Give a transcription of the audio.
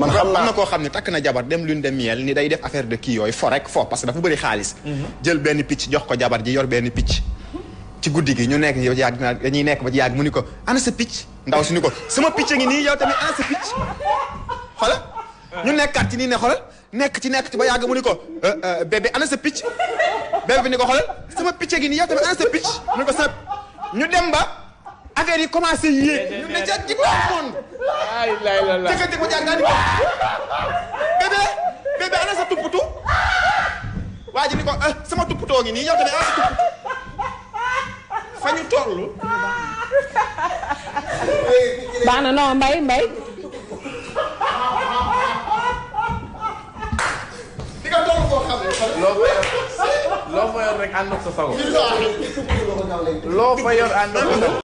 man xam naa na koo xam ne takk na jabar dem lune de miel ni day def affaire de kii yooyu fo rek fo parce que dafa bëri xaalis mhm. jël benn picc jox ko jabar ji yor benn picc ci guddi gi ñu nekk yow yàgg naa dañuy nekk ba ci yàgg ko ana sa picc ndaw si ni picc ngi nii yow ñu nekkaat ci nii ne xoolal nekk ci nekk ci ba yàgg mu ni ko eh, eh, bébé ana sa picc bébé bi ni ko xoolal sama picc ngi nii yow tamit ana sa picc mu ñu dem ba affaire yi commencé yéeg. ñu ne ca di ko amoon. ayi layi la la jëkkër jëkkër jàng di ko. bébé bébé ana sa tupputu. waa ji ni ko ah sama tupputoo ngi nii yow tamit ana sa tupputu. fa ñu toll. baax na non mbay mbay. di nga toll koo xam ne. loo fa yor loo fa yor rek ànd ak sa sago. loo fa yor ànd ak sa sago.